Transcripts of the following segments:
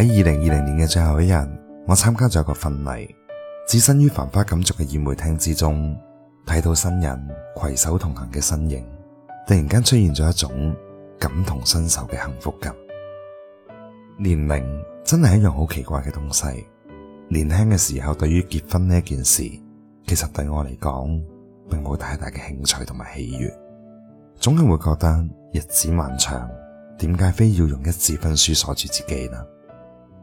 喺二零二零年嘅最後一日，我參加咗一個婚禮，置身於繁花錦簇嘅宴會廳之中，睇到新人攜手同行嘅身影，突然間出現咗一種感同身受嘅幸福感。年齡真係一樣好奇怪嘅東西。年輕嘅時候，對於結婚呢件事，其實對我嚟講，並冇太大嘅興趣同埋喜悅，總係會覺得日子漫長，點解非要用一紙婚書鎖住自己呢？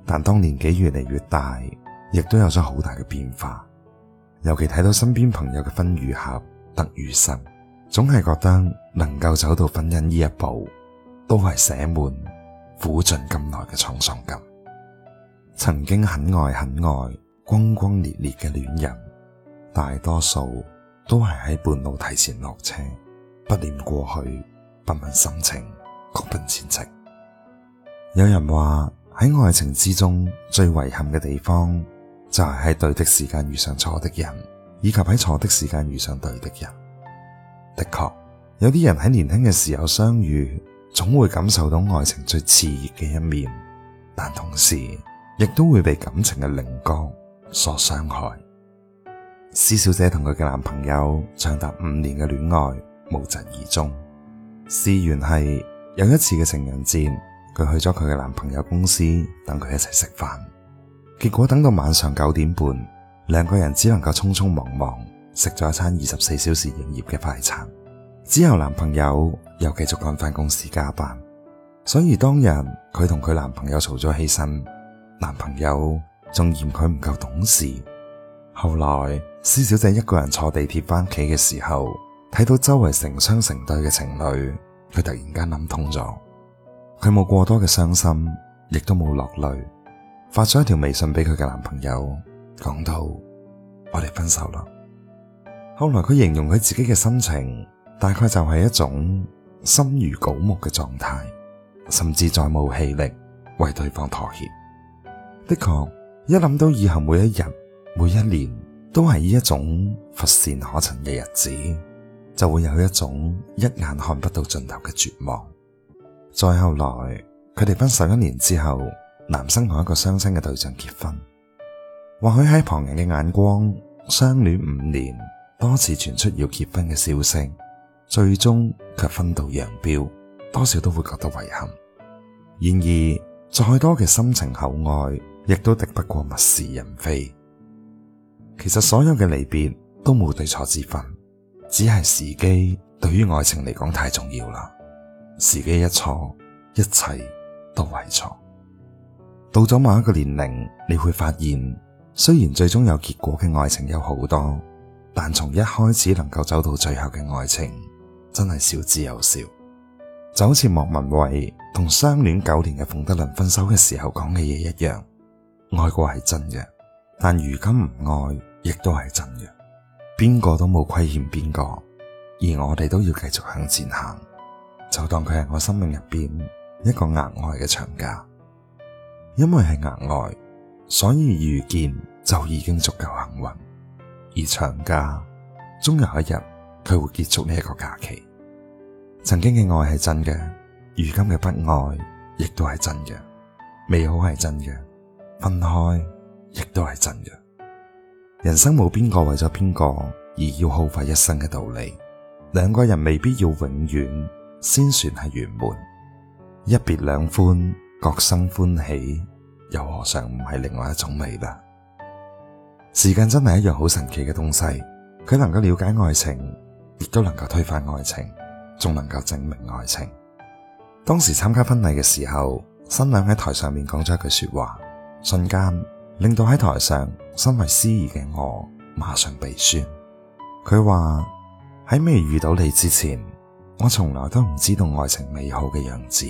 但當年紀越嚟越大，亦都有咗好大嘅變化。尤其睇到身邊朋友嘅分與合、得與失，總係覺得能夠走到婚姻呢一步，都係寫滿苦盡甘來嘅滄桑感。曾經很愛很愛、轟轟烈烈嘅戀人，大多數都係喺半路提前落車，不念過去，不問心情，各奔前程。有人話，喺愛情之中，最遺憾嘅地方就係喺對的時間遇上錯的人，以及喺錯的時間遇上對的人。的確，有啲人喺年輕嘅時候相遇，總會感受到愛情最熾熱嘅一面，但同時亦都會被感情嘅稜角所傷害。施小姐同佢嘅男朋友長達五年嘅戀愛無疾而終，事緣係有一次嘅情人節。佢去咗佢嘅男朋友公司等佢一齊食飯，結果等到晚上九點半，兩個人只能夠匆匆忙忙食咗一餐二十四小時營業嘅快餐。之後男朋友又繼續趕翻公司加班，所以當日佢同佢男朋友嘈咗起身，男朋友仲嫌佢唔夠懂事。後來施小姐一個人坐地鐵翻屋企嘅時候，睇到周圍成雙成對嘅情侶，佢突然間諗通咗。佢冇過多嘅傷心，亦都冇落淚，發咗一條微信俾佢嘅男朋友，講到我哋分手啦。後來佢形容佢自己嘅心情，大概就係一種心如槁木嘅狀態，甚至再冇氣力為對方妥協。的確，一諗到以後每一日、每一年都係以一種乏善可陳嘅日子，就會有一種一眼看不到盡頭嘅絕望。再後來，佢哋分手一年之後，男生同一個相親嘅對象結婚。或許喺旁人嘅眼光，相戀五年，多次傳出要結婚嘅消息，最終卻分道揚鑣，多少都會覺得遺憾。然而，再多嘅深情厚愛，亦都敵不過物是人非。其實，所有嘅離別都冇對錯之分，只係時機對於愛情嚟講太重要啦。時機一錯，一切都係錯。到咗某一個年齡，你會發現，雖然最終有結果嘅愛情有好多，但從一開始能夠走到最後嘅愛情，真係少之又少。就好似莫文蔚同相戀九年嘅馮德倫分手嘅時候講嘅嘢一樣，愛過係真嘅，但如今唔愛亦都係真嘅。邊個都冇虧欠邊個，而我哋都要繼續向前行。就當佢係我生命入邊一個額外嘅長假，因為係額外，所以遇見就已經足夠幸運。而長假終有一日佢會結束呢一個假期。曾經嘅愛係真嘅，如今嘅不愛亦都係真嘅，美好係真嘅，分開亦都係真嘅。人生冇邊個為咗邊個而要耗費一生嘅道理，兩個人未必要永遠，先算係圓滿，一別兩寬，各生歡喜，又何嘗唔係另外一種美啦？時間真係一樣好神奇嘅東西，佢能夠了解愛情，亦都能夠推翻愛情，仲能夠證明愛情。當時參加婚禮嘅時候，新娘喺台上面講咗一句說話，瞬間令到喺台上身為司儀嘅我馬上被酸。佢話喺未遇到你之前。我從來都唔知道愛情美好嘅樣子。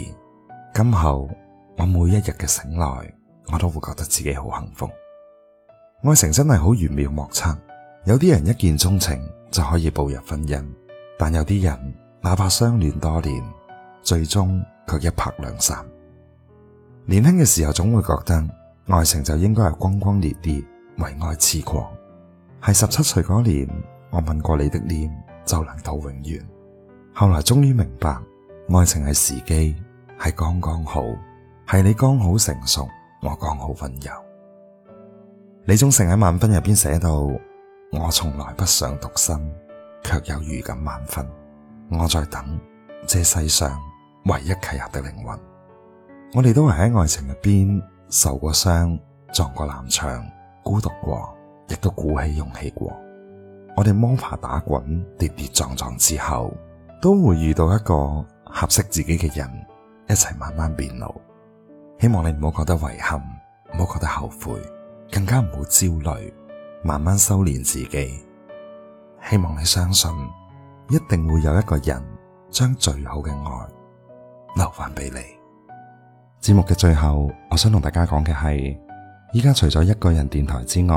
今後我每一日嘅醒來，我都會覺得自己好幸福。愛情真係好玄妙莫測，有啲人一見鍾情就可以步入婚姻，但有啲人哪怕相戀多年，最終卻一拍兩散。年輕嘅時候總會覺得愛情就應該係轟轟烈烈，為愛痴狂。喺十七歲嗰年，我吻過你的臉，就能到永遠。後來終於明白，愛情係時機，係剛剛好，係你剛好成熟，我剛好溫柔。李宗盛喺《晚婚》入邊寫到：我從來不想獨身，卻有預感晚婚。我在等這世上唯一契合的靈魂。我哋都係喺愛情入邊受過傷，撞過南牆，孤獨過，亦都鼓起勇氣過。我哋摸爬打滾，跌跌撞撞，撞之後。都會遇到一個合適自己嘅人，一齊慢慢變老。希望你唔好覺得遺憾，唔好覺得後悔，更加唔好焦慮，慢慢修煉自己。希望你相信，一定會有一個人將最好嘅愛留翻俾你。節目嘅最後，我想同大家講嘅係，依家除咗一個人電台之外，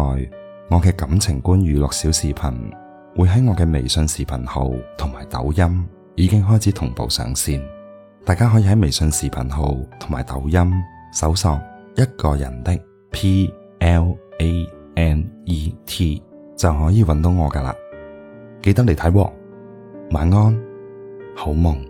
我嘅感情觀娛樂小視頻。會喺我嘅微信視頻號同埋抖音已經開始同步上線，大家可以喺微信視頻號同埋抖音搜索一個人的 P L A N E T 就可以揾到我㗎喇，記得嚟睇喎，晚安，好夢。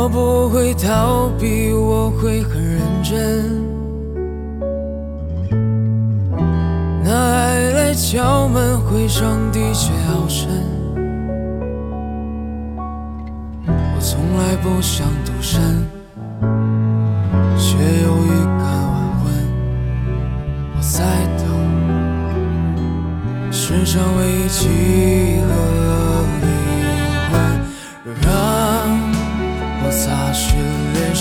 我不會逃避，我會很認真。那愛來敲門，回聲的確好深。我從來不想獨身，卻有預感晚婚。我在等世上唯一契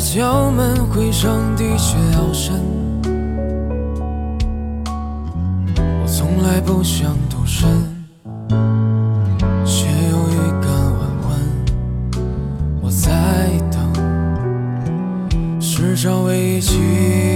敲門回聲低卻悠深，我從來不想獨身，卻又預感晚婚，我在等世上唯一。